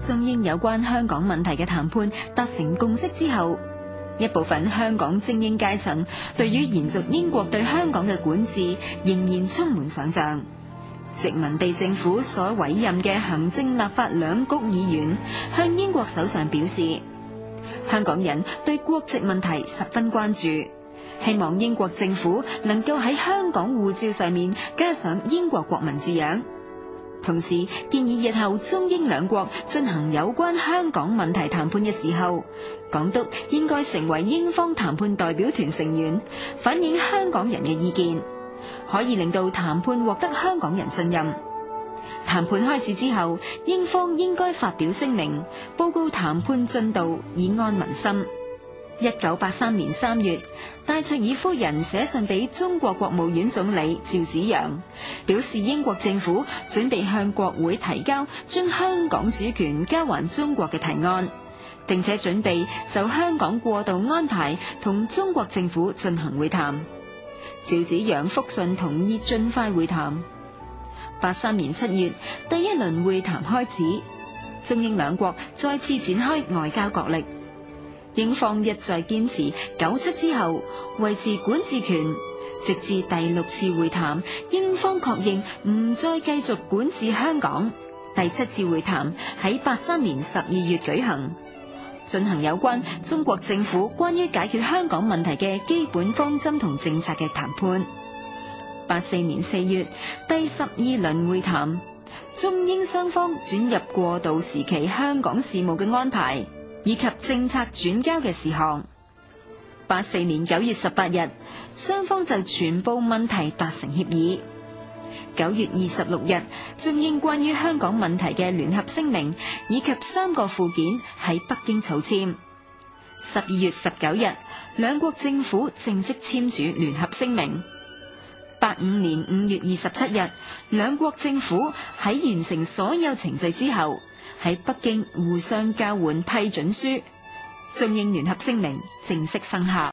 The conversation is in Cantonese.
中英有關香港問題嘅談判達成共識之後，一部分香港精英階層對於延續英國對香港嘅管治仍然充滿想象。殖民地政府所委任嘅行政立法兩局議員向英國首相表示，香港人對國籍問題十分關注，希望英國政府能夠喺香港護照上面加上英國國民字樣。同時建議日後中英兩國進行有關香港問題談判嘅時候，港督應該成為英方談判代表團成員，反映香港人嘅意見，可以令到談判獲得香港人信任。談判開始之後，英方應該發表聲明，報告談判進度，以安民心。一九八三年三月，戴卓爾夫人寫信俾中國國務院總理趙紫陽，表示英國政府準備向國會提交將香港主權交還中國嘅提案，並且準備就香港過渡安排同中國政府進行會談。趙紫陽復信同意盡快會，會談。八三年七月，第一輪會談開始，中英兩國再次展開外交角力。英方一再堅持九七之後維持管治權，直至第六次會談，英方確認唔再繼續管治香港。第七次會談喺八三年十二月舉行，進行有關中國政府關於解決香港問題嘅基本方針同政策嘅談判。八四年四月，第十二輪會談，中英雙方轉入過渡時期香港事務嘅安排，以及政策轉交嘅事項。八四年九月十八日，雙方就全部問題達成協議。九月二十六日，中英關於香港問題嘅聯合聲明以及三個附件喺北京草簽。十二月十九日，兩國政府正式簽署聯合聲明。八五年五月二十七日，兩國政府喺完成所有程序之後。喺北京互相交換批准書，中英聯合聲明正式生效。